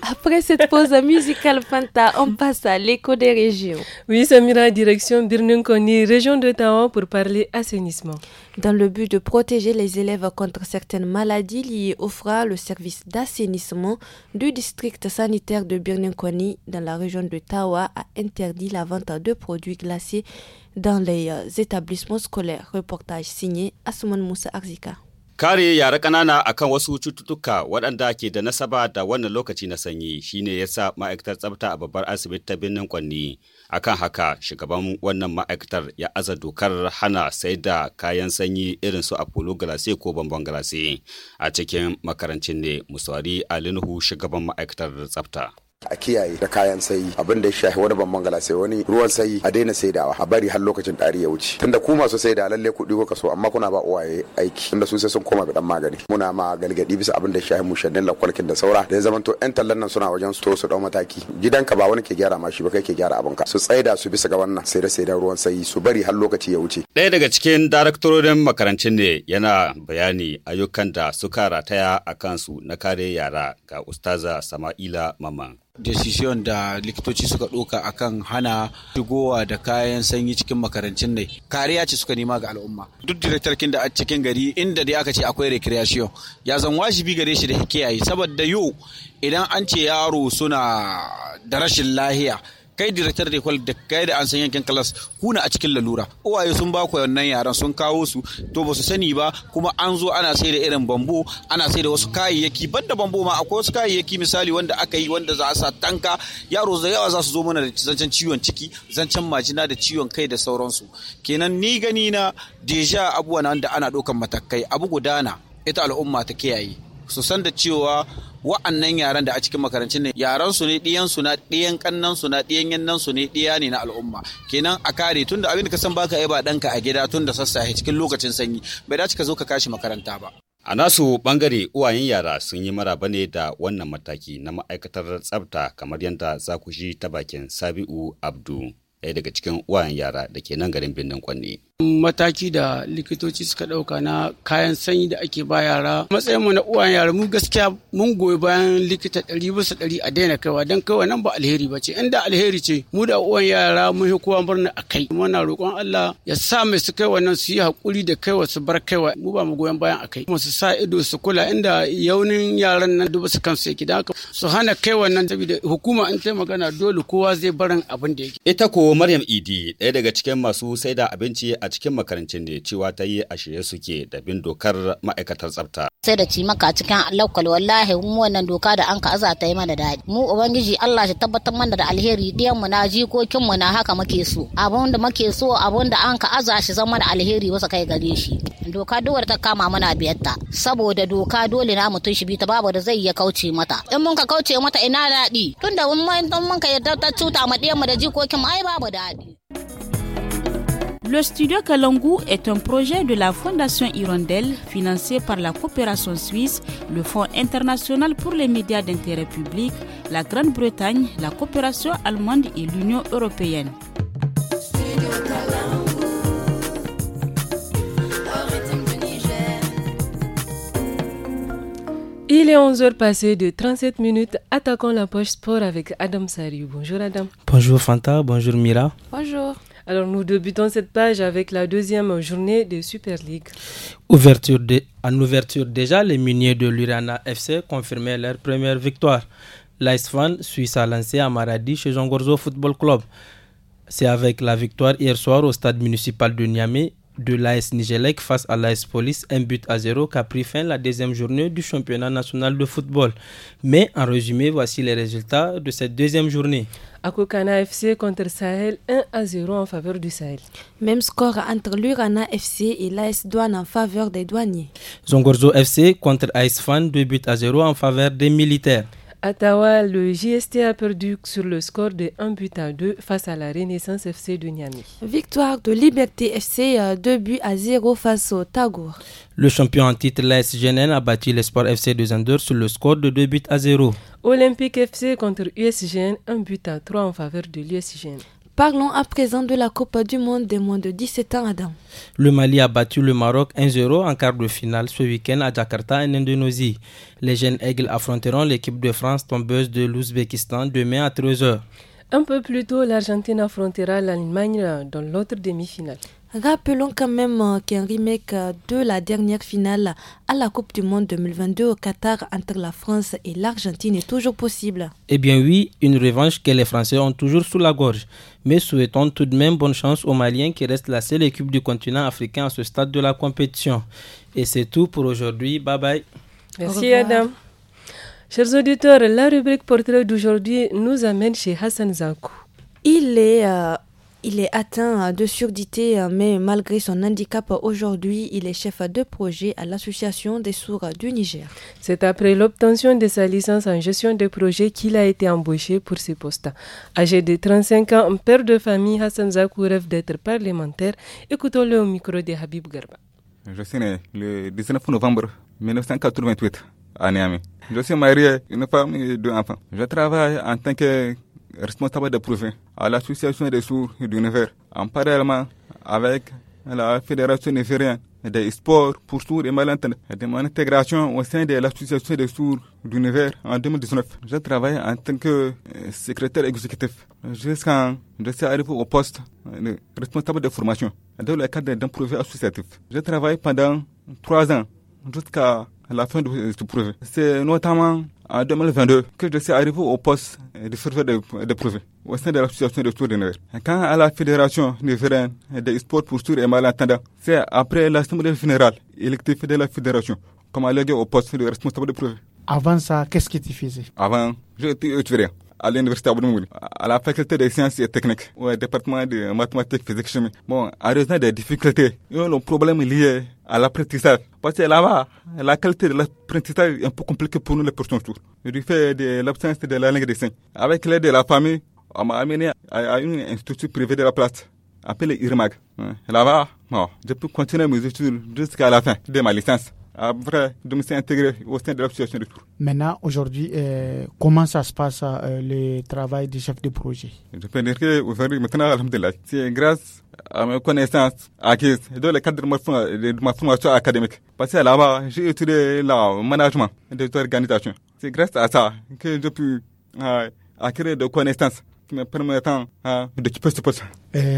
Après cette pause musicale Fanta, on passe à l'écho des régions. Oui, Samira, direction Birnunkoni, région de Taon, pour parler assainissement. Dans le but de protéger les élèves contre certaines maladies liées au le service d'assainissement du district sanitaire de Birnunkoni, dans la région de Tawa, a interdit la vente de produits glacés dans les euh, établissements scolaires. Reportage signé Asuman Moussa Arzika. Kare yara ƙanana akan wasu cututtuka waɗanda ke da nasaba da wannan lokaci na sanyi shine ya sa ma'aikatar tsafta a babbar asibiti ta birnin Kwanni. Akan haka shugaban wannan ma'aikatar ya aza dokar hana sai da kayan sanyi irin su Apollo Galase ko Bambam Galase a cikin makarancin ne musawari Alinuhu shugaban ma'aikatar tsafta. a kiyaye da kayan sayi abin da ya shafi wani ban mangala sai wani ruwan sayi a daina saidawa a bari har lokacin ɗari ya wuce tunda ku masu sai da lalle kuɗi ko kaso amma kuna ba uwaye aiki tunda su sai sun koma dan magani muna ma galgadi bisa abin da shahi mushannin lakwalkin da saura da ya zama to yan tallan nan suna wajen to su dau mataki gidanka ba wani ke gyara ma shi ba kai ke gyara abinka su tsaida su bisa ga wannan sai da sai da ruwan sayi su bari har lokaci ya wuce ɗaya daga cikin daraktororin makarancin ne yana bayani ayyukan da suka rataya a su na kare yara ga ustaza sama'ila maman decision da likitoci suka ɗoka kan hana shigowa da kayan sanyi cikin makarancin ne kariya ce suka nema ga al'umma duk direktarkin da a cikin gari inda dai aka ce akwai recreation ya zan wajibi gare shi da kiyaye saboda yau idan an ce yaro suna da rashin lahiya kai director da kwal da kai da an san yankin class kuna a cikin lalura uwaye sun ba ku wannan yaran sun kawo su to ba su sani ba kuma an zo ana sai da irin bambo ana sai da wasu kayayyaki banda bambo ma akwai wasu kayayyaki misali wanda aka yi wanda za a sa tanka yaro da yawa za su zo mana da zancen ciwon ciki zancen majina da ciwon kai da sauransu kenan ni gani na deja abubuwan da ana ɗaukan matakai abu gudana ita al'umma ta kiyaye su san da cewa wa'annan yaran da a cikin makarancin ne yaran su ne diyan su na diyan kannan su na diyan yannan su ne diya ne na al'umma kenan a kare tunda abin da ka san baka yi ba a gida tunda sassahe cikin lokacin sanyi bai dace ka zo ka kashi makaranta ba A nasu bangare uwayen yara sun yi maraba ne da wannan mataki na ma'aikatar tsafta kamar yadda za ku shi ta bakin Sabi'u Abdu, ɗaya daga cikin uwayen yara da ke nan garin birnin Kwanne. mataki da likitoci suka ɗauka na kayan sanyi da ake ba yara matsayin mu na uwa yara mu gaskiya mun goyi bayan likita ɗari bisa ɗari a daina kaiwa don kaiwa nan ba alheri ba ce inda alheri ce mu da uwan yara mun yi kowa murna a kai muna roƙon Allah ya sa mai su kaiwa nan su yi haƙuri da kaiwa su bar kaiwa mu ba mu goyon bayan a kai kuma su sa ido su kula inda yaunin yaran nan duba su kansu yake don haka su hana kaiwa nan saboda hukuma in ta magana dole kowa zai barin abin da yake. Ita ko Maryam Idi ɗaya daga cikin masu saida abinci a a cikin makarancin da cewa ta yi a shirye suke da bin dokar ma'aikatar tsafta. Sai da ci maka cikin laukal wallahi mu wannan doka da an ka aza ta yi mana daɗi. Mu ubangiji Allah shi tabbatar mana da alheri ɗiyan mu na jikokin mu na haka muke so. Abun da muke so abun da an ka aza shi zama da alheri wasa kai gare shi. Doka duwar ta kama mana biyarta saboda doka dole na mutum shi bita babu da zai iya kauce mata. In mun ka kauce mata ina daɗi tunda mun mun ka yarda ta cuta ma ɗiyan mu da jikokin mu ai babu daɗi. Le studio Kalangu est un projet de la Fondation Hirondelle financé par la coopération suisse, le Fonds international pour les médias d'intérêt public, la Grande-Bretagne, la coopération allemande et l'Union européenne. Il est 11h passé de 37 minutes. Attaquons la poche sport avec Adam Sariou. Bonjour Adam. Bonjour Fanta, bonjour Mira. Bonjour. Alors nous débutons cette page avec la deuxième journée de Super League. en ouverture déjà, les miniers de l'Urana FC confirmaient leur première victoire. L'Icefan suisse a lancé à Maradi chez Jean Gorzo Football Club. C'est avec la victoire hier soir au stade municipal de Niamey de l'AS Nigelec face à l'AS Police, un but à zéro a pris fin la deuxième journée du championnat national de football. Mais en résumé, voici les résultats de cette deuxième journée. Akokana FC contre Sahel, 1 à 0 en faveur du Sahel. Même score entre l'Urana FC et l'AS Douane en faveur des douaniers. Zongorzo FC contre AS Fan, 2 buts à 0 en faveur des militaires. Attawa, le JST a perdu sur le score de 1 but à 2 face à la Renaissance FC de Niamey. Victoire de Liberté FC, 2 euh, buts à 0 face au Tagour. Le champion en titre, l'ASGNN, a battu l'Espoir FC de Zander sur le score de 2 buts à 0. Olympique FC contre USGN, 1 but à 3 en faveur de l'USGN. Parlons à présent de la Coupe du Monde des moins de 17 ans, Adam. Le Mali a battu le Maroc 1-0 en quart de finale ce week-end à Jakarta, en Indonésie. Les jeunes aigles affronteront l'équipe de France tombeuse de l'Ouzbékistan demain à 13h. Un peu plus tôt, l'Argentine affrontera l'Allemagne dans l'autre demi-finale. Rappelons quand même euh, qu'un remake euh, de la dernière finale à la Coupe du Monde 2022 au Qatar entre la France et l'Argentine est toujours possible. Eh bien oui, une revanche que les Français ont toujours sous la gorge mais souhaitons tout de même bonne chance aux Maliens qui restent la seule équipe du continent africain à ce stade de la compétition. Et c'est tout pour aujourd'hui. Bye bye. Merci Adam. Chers auditeurs, la rubrique portrait d'aujourd'hui nous amène chez Hassan Zankou. Il est euh, il est atteint de surdité, mais malgré son handicap, aujourd'hui, il est chef de projet à l'Association des sourds du Niger. C'est après l'obtention de sa licence en gestion de projet qu'il a été embauché pour ce poste. Âgé de 35 ans, père de famille, Hassan Zakou rêve d'être parlementaire. Écoutons-le au micro de Habib Garba. Je suis né le 19 novembre 1988 à Niamey. Je suis marié, une femme et deux enfants. Je travaille en tant que responsable de prouver à l'association des sourds du Nevers, en parallèlement avec la Fédération nigérienne des sports pour sourds et Malentendus, et de mon intégration au sein de l'association des sourds du en 2019. Je travaille en tant que euh, secrétaire exécutif jusqu'à je suis arrivé au poste de responsable de formation dans le cadre d'un projet associatif. Je travaille pendant trois ans jusqu'à la fin de euh, ce projet. C'est notamment en 2022 que je suis arrivé au poste de surveillant de de au sein de l'association de Tour de Nevers. Quand à la Fédération nigérienne des sports pour tour et malentendants, c'est après l'assemblée générale électrifiée de la Fédération, comme allégué au poste de responsable de projet. Avant ça, qu'est-ce que tu faisais Avant, je j'étais étudiant à l'université Abdoumoul, à la faculté des sciences et techniques, au département de mathématiques, physique, chimie. Bon, à raison des difficultés, y le problème lié à l'apprentissage. Parce que là-bas, la qualité de l'apprentissage est un peu compliquée pour nous les personnes. jours. Du fait de l'absence de la langue des signes. Avec l'aide de la famille, on m'a amené à, une institution privée de la place, appelée IRMAG. Hein, là-bas, bon, je peux continuer mes études jusqu'à la fin de ma licence. Après, je me suis intégré au sein de l'association de tour. Maintenant, aujourd'hui, euh, comment ça se passe euh, le travail du chef de projet Je peux dire qu'aujourd'hui, maintenant, Alhamdulillah, c'est grâce à mes connaissances acquises dans le cadre de ma, formation académique. Parce que là-bas, j'ai étudié le management des organisations. C'est grâce à ça que j'ai pu euh, acquérir des connaissances permettant hein, d'occuper ce poste.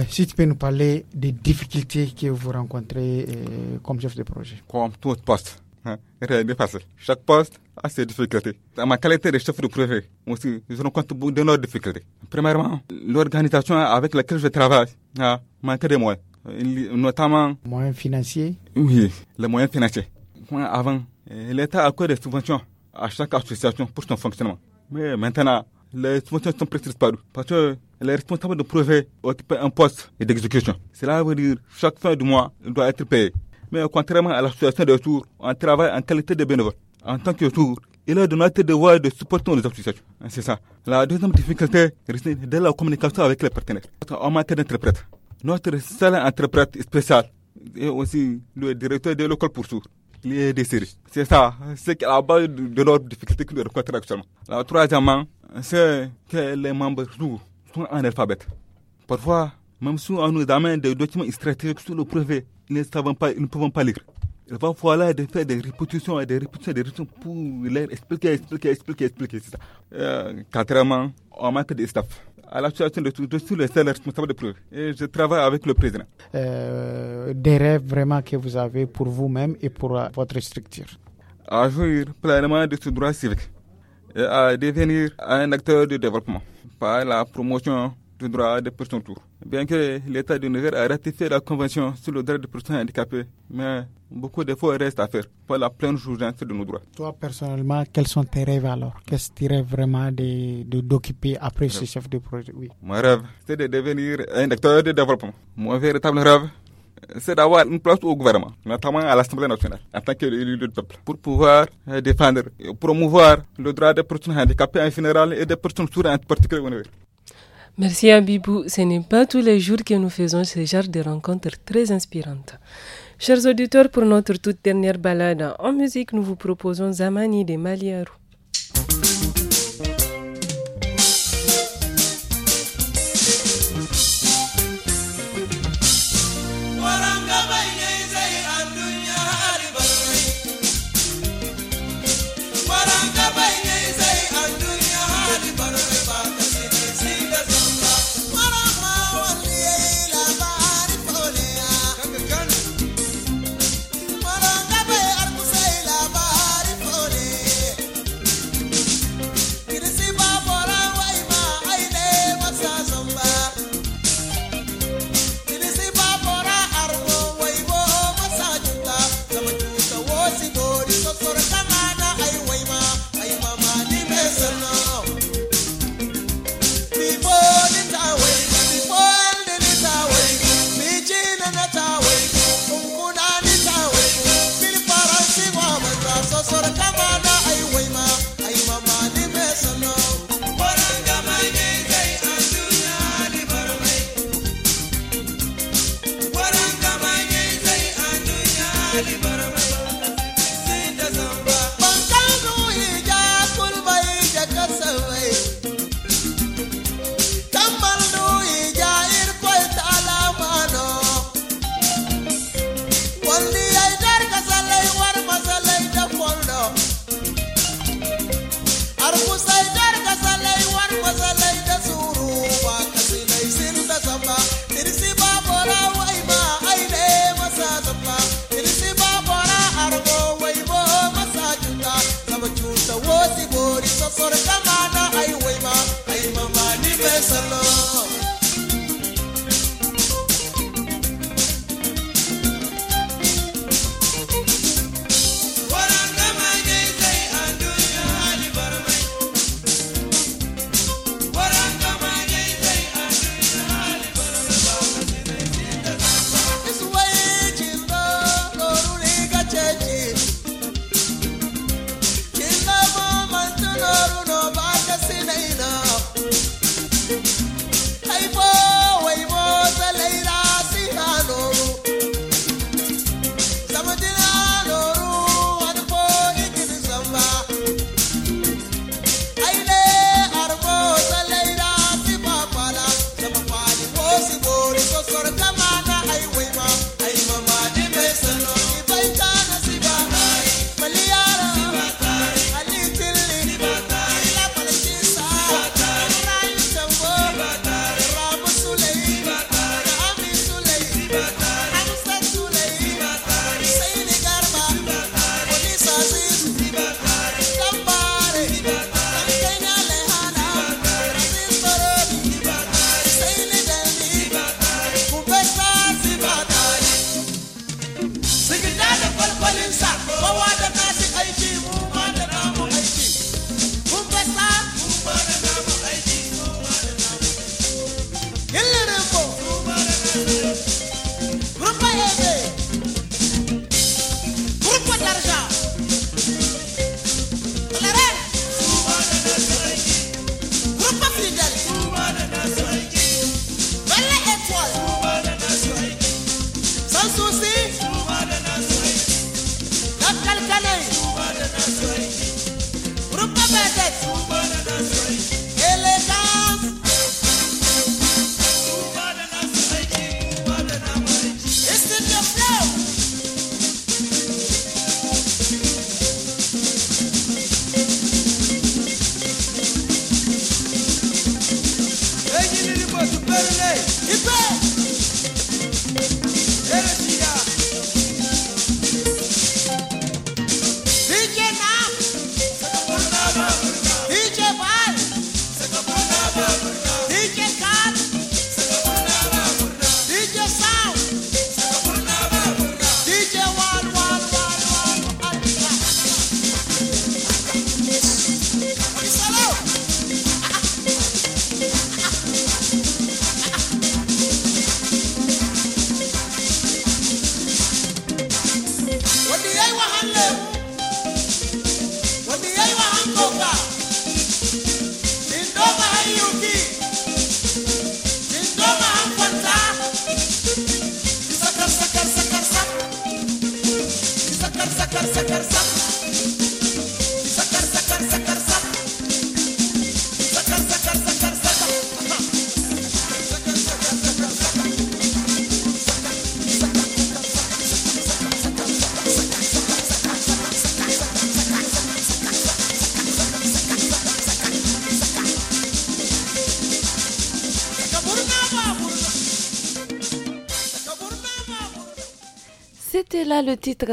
si tu peux nous parler des difficultés que vous rencontrez euh, comme chef de projet. Comme tout poste. Hein? rien facile. Chaque poste a ses difficultés. Dans ma qualité de chef de projet, aussi, je rencontre beaucoup de nos difficultés. Premièrement, l'organisation avec laquelle je travaille hein, manque de moyens. Notamment. Moyens financiers Oui, les moyens financiers. Avant, euh, l'État accorde des subventions à chaque association pour son fonctionnement. Mais maintenant, les subventions sont presque disparues. Parce que les responsables de projet occupent un poste d'exécution. Cela veut dire chaque fin du mois, doit être payé. Mais contrairement à la situation de retour, on travaille en qualité de bénévole. En tant que tour, il est de notre devoir de supporter les associations. Ah, c'est ça. La deuxième difficulté réside dans la communication avec les partenaires. On manque d'interprète. Notre seul interprète spécial est aussi le directeur de l'école pour sourds des C'est ça, c'est la base de, de difficulté que nous rencontrons actuellement. La troisièmement, c'est que les membres sont analphabètes. Parfois, même si on nous amène des documents stratégiques sur le privé, nous ne pas, ils ne pouvons pas lire il va falloir de faire des répétitions et des répétitions, des répétitions pour leur expliquer, expliquer, expliquer, expliquer. Ça. Euh, on manque de staff. À la situation de tous les suis le de preuve. Et je travaille avec le président. Euh, des rêves vraiment que vous avez pour vous-même et pour euh, votre structure. À jouir pleinement de ce droit civique et à devenir un acteur de développement par la promotion du droit des personnes tour Bien que l'État du Niger a ratifié la Convention sur le droit des personnes handicapées, mais beaucoup de faux restent à faire pour la pleine jouissance de nos droits. Toi, personnellement, quels sont tes rêves alors Qu'est-ce que tu rêves vraiment d'occuper de, après ce chef de projet oui. Mon rêve, c'est de devenir un acteur de développement. Mon véritable rêve, c'est d'avoir une place au gouvernement, notamment à l'Assemblée nationale, en tant qu'élu du peuple, pour pouvoir euh, défendre et promouvoir le droit des personnes handicapées en général et des personnes sourdes en particulier. Merci Abibou. Ce n'est pas tous les jours que nous faisons ce genre de rencontres très inspirantes. Chers auditeurs, pour notre toute dernière balade en musique, nous vous proposons Zamani de Maliarou.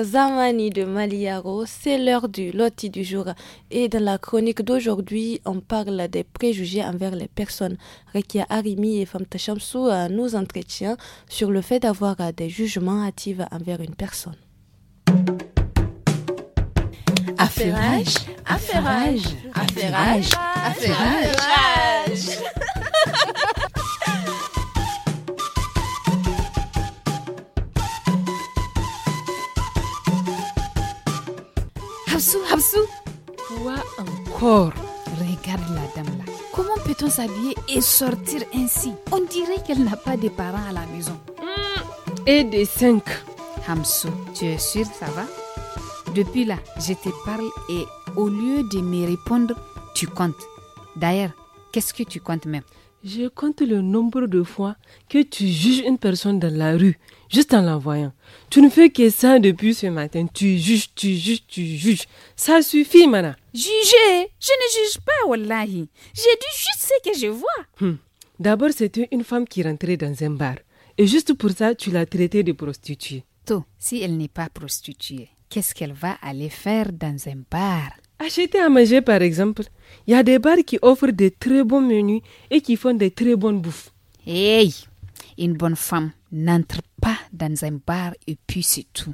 Zamani de Maliaro, c'est l'heure du loti du jour. Et dans la chronique d'aujourd'hui, on parle des préjugés envers les personnes. Rekia Arimi et Famta Shamsou euh, nous entretiennent sur le fait d'avoir euh, des jugements hâtifs envers une personne. Affairage, affairage, affairage, Hamsu, Hamsou, Quoi encore Regarde la dame là. Comment peut-on s'habiller et sortir ainsi On dirait qu'elle n'a pas de parents à la maison. Hmm, et des cinq. Hamsou, tu es sûr ça va Depuis là, je te parle et au lieu de me répondre, tu comptes. D'ailleurs, qu'est-ce que tu comptes même je compte le nombre de fois que tu juges une personne dans la rue, juste en la voyant. Tu ne fais que ça depuis ce matin. Tu juges, tu juges, tu juges. Ça suffit, Mana. Juger Je ne juge pas, Wallahi. J'ai dit juste ce que je vois. Hmm. D'abord, c'était une femme qui rentrait dans un bar. Et juste pour ça, tu l'as traitée de prostituée. tout si elle n'est pas prostituée, qu'est-ce qu'elle va aller faire dans un bar Acheter à manger, par exemple, il y a des bars qui offrent des très bons menus et qui font des très bonnes bouffes. Hey, une bonne femme n'entre pas dans un bar et puis c'est tout.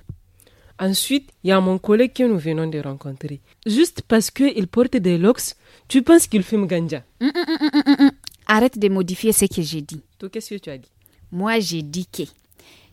Ensuite, il y a mon collègue que nous venons de rencontrer. Juste parce qu'il porte des locks, tu penses qu'il fume ganja. Hum, hum, hum, Arrête de modifier ce que j'ai dit. Toi, qu'est-ce que tu as dit Moi, j'ai dit que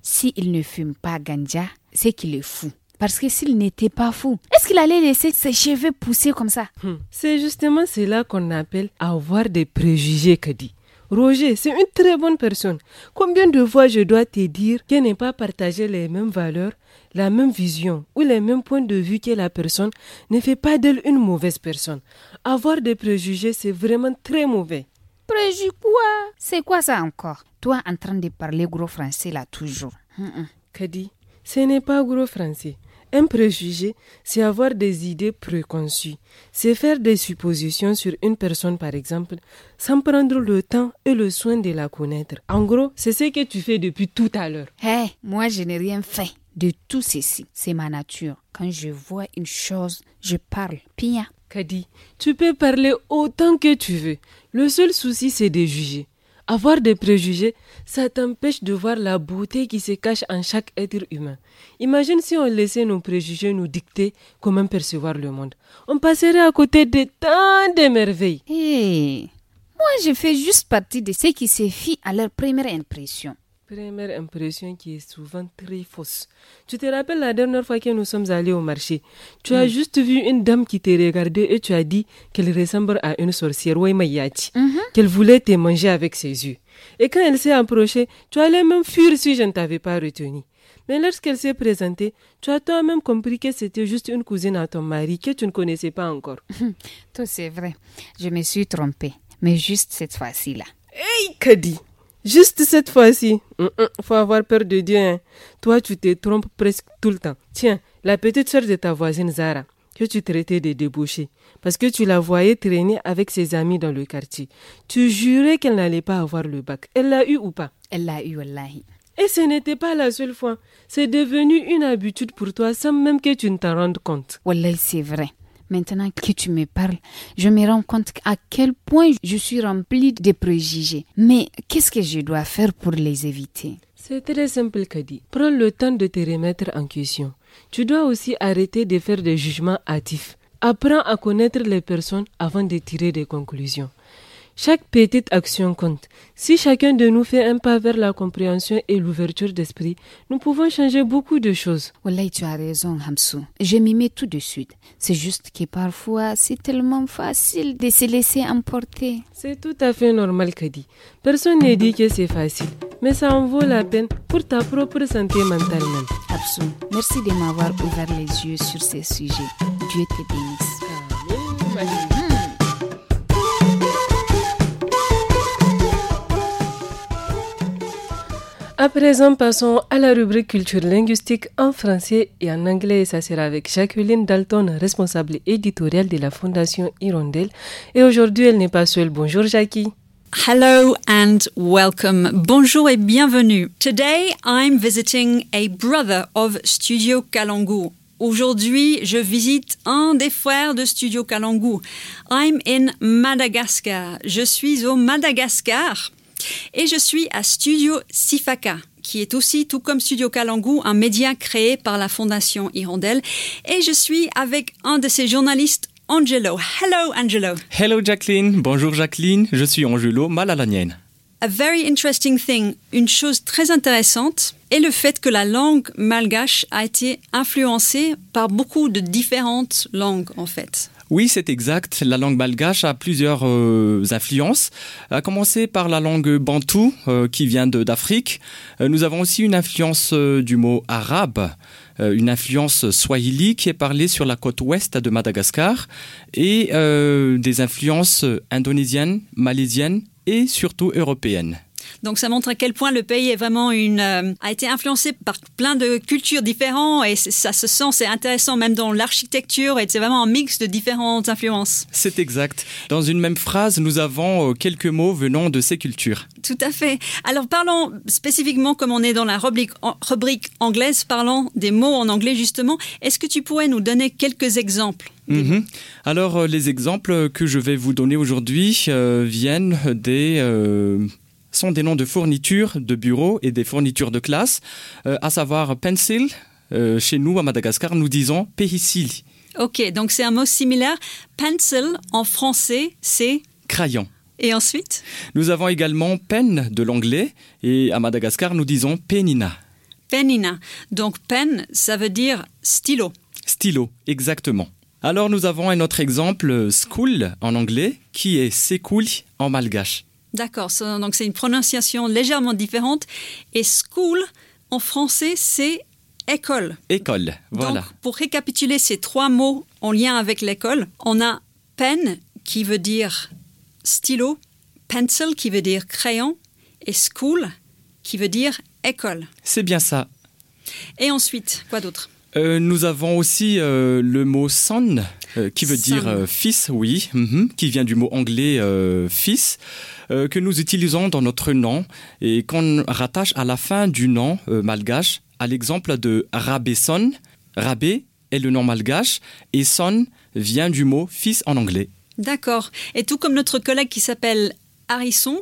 s'il ne fume pas ganja, c'est qu'il est fou. Parce que s'il n'était pas fou, est-ce qu'il allait laisser ses cheveux pousser comme ça hmm. C'est justement cela qu'on appelle avoir des préjugés, Kadi. Roger, c'est une très bonne personne. Combien de fois je dois te dire qu'elle n'est pas partagé les mêmes valeurs, la même vision ou les mêmes points de vue que la personne ne fait pas d'elle une mauvaise personne. Avoir des préjugés, c'est vraiment très mauvais. Préjugés quoi C'est quoi ça encore Toi en train de parler gros français là toujours. Hmm, hmm. Kadi, ce n'est pas gros français. Un préjugé, c'est avoir des idées préconçues, c'est faire des suppositions sur une personne par exemple, sans prendre le temps et le soin de la connaître. En gros, c'est ce que tu fais depuis tout à l'heure. Hé, moi je n'ai rien fait de tout ceci. C'est ma nature. Quand je vois une chose, je parle. Pia. Kadi, tu peux parler autant que tu veux. Le seul souci, c'est de juger. Avoir des préjugés, ça t'empêche de voir la beauté qui se cache en chaque être humain. Imagine si on laissait nos préjugés nous dicter comment percevoir le monde. On passerait à côté de tant de merveilles. Hey, moi, je fais juste partie de ceux qui se fient à leur première impression. Première impression qui est souvent très fausse. Tu te rappelles la dernière fois que nous sommes allés au marché, tu as mm. juste vu une dame qui t'a regardée et tu as dit qu'elle ressemble à une sorcière Waymayati, mm-hmm. qu'elle voulait te manger avec ses yeux. Et quand elle s'est approchée, tu allais même fuir si je ne t'avais pas retenu. Mais lorsqu'elle s'est présentée, tu as toi-même compris que c'était juste une cousine à ton mari que tu ne connaissais pas encore. Mm-hmm. Tout c'est vrai. Je me suis trompée. Mais juste cette fois-ci-là. Hey, Kadi! Juste cette fois-ci, faut avoir peur de Dieu. Hein. Toi, tu te trompes presque tout le temps. Tiens, la petite soeur de ta voisine Zara, que tu traitais de débauchée, parce que tu la voyais traîner avec ses amis dans le quartier. Tu jurais qu'elle n'allait pas avoir le bac. Elle l'a eu ou pas Elle l'a eu, wallahi. Et ce n'était pas la seule fois. C'est devenu une habitude pour toi sans même que tu ne t'en rendes compte. Wallahi, c'est vrai. Maintenant que tu me parles, je me rends compte à quel point je suis remplie de préjugés. Mais qu'est-ce que je dois faire pour les éviter C'est très simple, Kadi. Prends le temps de te remettre en question. Tu dois aussi arrêter de faire des jugements hâtifs. Apprends à connaître les personnes avant de tirer des conclusions. Chaque petite action compte. Si chacun de nous fait un pas vers la compréhension et l'ouverture d'esprit, nous pouvons changer beaucoup de choses. Wallahi, tu as raison, Hamsou. Je m'y mets tout de suite. C'est juste que parfois, c'est tellement facile de se laisser emporter. C'est tout à fait normal, Kadi. Personne ne dit que c'est facile, mais ça en vaut la peine pour ta propre santé mentale même. Hamsou, merci de m'avoir ouvert les yeux sur ces sujets. Dieu te bénisse. Amen. À présent, passons à la rubrique culture linguistique en français et en anglais. ça sera avec Jacqueline Dalton, responsable éditoriale de la Fondation Hirondelle. Et aujourd'hui, elle n'est pas seule. Bonjour, Jackie. Hello and welcome. Bonjour et bienvenue. Today, I'm visiting a brother of Studio Kalangu. Aujourd'hui, je visite un des frères de Studio Kalangu. I'm in Madagascar. Je suis au Madagascar et je suis à Studio Sifaka, qui est aussi, tout comme Studio Kalangu, un média créé par la Fondation Hirondelle. Et je suis avec un de ses journalistes, Angelo. Hello, Angelo. Hello, Jacqueline. Bonjour, Jacqueline. Je suis Angelo Malalanienne. A very interesting thing, une chose très intéressante, est le fait que la langue malgache a été influencée par beaucoup de différentes langues, en fait. Oui, c'est exact. La langue malgache a plusieurs influences, euh, à commencer par la langue bantou, euh, qui vient d'Afrique. Euh, nous avons aussi une influence du mot arabe une influence swahili qui est parlée sur la côte ouest de Madagascar et des influences indonésiennes, malaisiennes et surtout européennes. Donc ça montre à quel point le pays est vraiment une, euh, a été influencé par plein de cultures différentes et ça se sent, c'est intéressant même dans l'architecture et c'est vraiment un mix de différentes influences. C'est exact. Dans une même phrase, nous avons euh, quelques mots venant de ces cultures. Tout à fait. Alors parlons spécifiquement comme on est dans la rubrique, anglaise, parlons des mots en anglais justement. Est-ce que tu pourrais nous donner quelques exemples mm-hmm. Alors, euh, les exemples que je vais vous donner aujourd'hui viennent des sont des noms de fournitures de bureaux et des fournitures de classe, euh, à savoir pencil. Euh, chez nous, à Madagascar, nous disons pehicili. Ok, donc c'est un mot similaire. Pencil, en français, c'est Crayon. Et ensuite Nous avons également pen de l'anglais et à Madagascar, nous disons penina. Penina. Donc pen, ça veut dire stylo. Stylo, exactement. Alors nous avons un autre exemple, euh, school en anglais, qui est sekouli en malgache. D'accord, donc c'est une prononciation légèrement différente. Et school, en français, c'est école. École, voilà. pour récapituler ces trois mots en lien avec l'école, on a pen qui veut dire stylo, pencil qui veut dire crayon, et school qui veut dire école. C'est bien ça. Et ensuite, quoi d'autre euh, nous avons aussi euh, le mot son, euh, qui veut dire fils, oui, mhm, qui vient du mot anglais fils. Euh, que nous utilisons dans notre nom et qu'on rattache à la fin du nom euh, malgache, à l'exemple de Son. Rabé est le nom malgache et son vient du mot fils en anglais. D'accord. Et tout comme notre collègue qui s'appelle Harrison,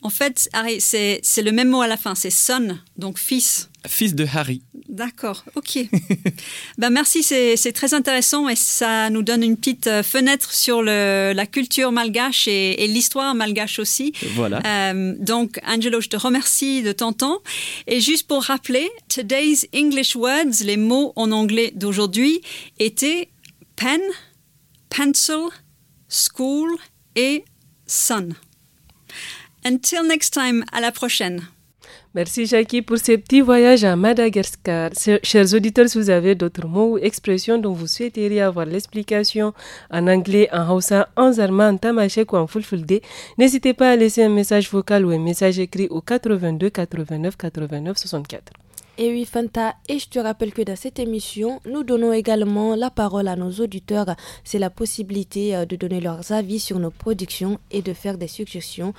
en fait, Harry, c'est le même mot à la fin, c'est son, donc fils. Fils de Harry. D'accord, ok. ben merci, c'est très intéressant et ça nous donne une petite euh, fenêtre sur la culture malgache et, l'histoire malgache aussi. Voilà. Euh, donc, Angelo, je te remercie de ton temps. Et juste pour rappeler, today's English words, les mots en anglais d'aujourd'hui, étaient pen, pencil, school et son ». Until next time, à la prochaine. Merci Jackie pour ce petit voyage à Madagascar. Chers auditeurs, si vous avez d'autres mots ou expressions dont vous souhaiteriez avoir l'explication en anglais, en hausa, en zarma, en tamashek ou en fulfulde, n'hésitez pas à laisser un message vocal ou un message écrit au 82 89 89 64. Et oui, Fanta, et je te rappelle que dans cette émission, nous donnons également la parole à nos auditeurs. C'est la possibilité euh, de donner leurs avis sur nos productions et de faire des suggestions.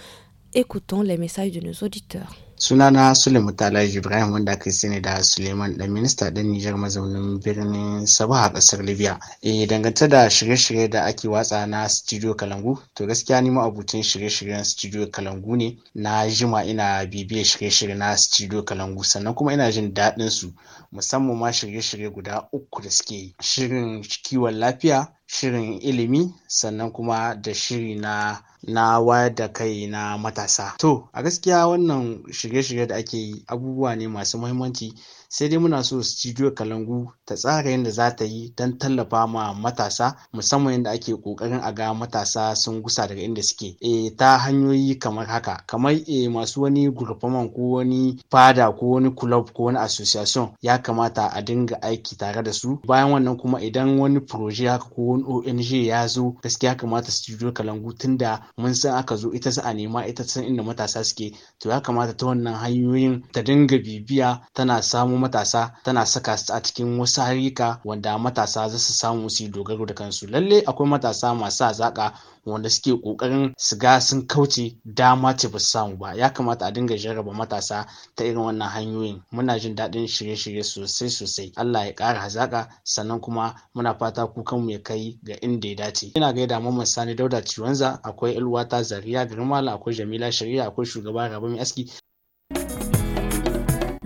écoutons les messages de nos auditeurs. sunana Suleiman Talaji Ibrahim wanda ke sani da Suleiman dan minista ɗin Nijar mazaunin birnin Sabah a ƙasar Libya. eh dangance da shirye-shirye da ake watsa na Studio Kalangu, to gaskiya ni abucin shirye-shiryen Studio Kalangu ne na jima ina bibiye shirye-shirye na Studio Kalangu sannan kuma ina jin daɗin su musamman ma shirye-shirye guda uku da suke yi. Shirin kiwon lafiya, shirin ilimi sannan kuma da shiri na na wayar da kai na matasa. To a gaskiya wannan shirye-shirye da ake yi abubuwa ne masu muhimmanci sai dai muna so studio kalangu ta tsara yadda za ta yi don tallafa ma matasa musamman yadda ake kokarin a ga matasa sun gusa daga inda suke e, ta hanyoyi kamar haka kamar e, masu wani gurfaman ko wani fada ko wani club ko wani association ya kamata a dinga aiki tare da su bayan wannan kuma idan wani proje haka ko wani ong ya zo gaskiya kamata studio kalangu tunda mun san aka zo ita sa a nema ita san inda matasa suke to ya kamata ta wannan hanyoyin ta dinga bibiya tana samun matasa tana saka su a cikin wasu harika wanda matasa za su samu su dogaro da kansu lalle akwai matasa masu hazaƙa wanda suke kokarin su ga sun kauce dama ce ba samu ba ya kamata a dinga jarraba matasa ta irin wannan hanyoyin muna jin daɗin shirye-shirye sosai sosai Allah ya kara hazaƙa sannan kuma muna fata ku mu ya kai ga inda ya dace ina gaida mamman sani dauda ciwanza akwai ilwata zariya girmala akwai jamila shari'a akwai shugaba rabami aski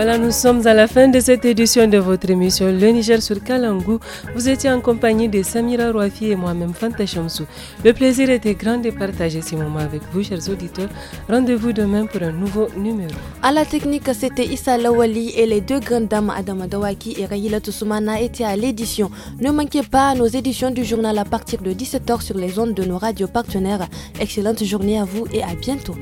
Voilà, nous sommes à la fin de cette édition de votre émission Le Niger sur Kalangou. Vous étiez en compagnie de Samira Rouafi et moi-même Fanta Chamsou. Le plaisir était grand de partager ce moment avec vous, chers auditeurs. Rendez-vous demain pour un nouveau numéro. À la technique, c'était Issa Lawali et les deux grandes dames Adama Dawaki et Raïla Toussoumana étaient à l'édition. Ne manquez pas nos éditions du journal à partir de 17h sur les ondes de nos radios partenaires. Excellente journée à vous et à bientôt.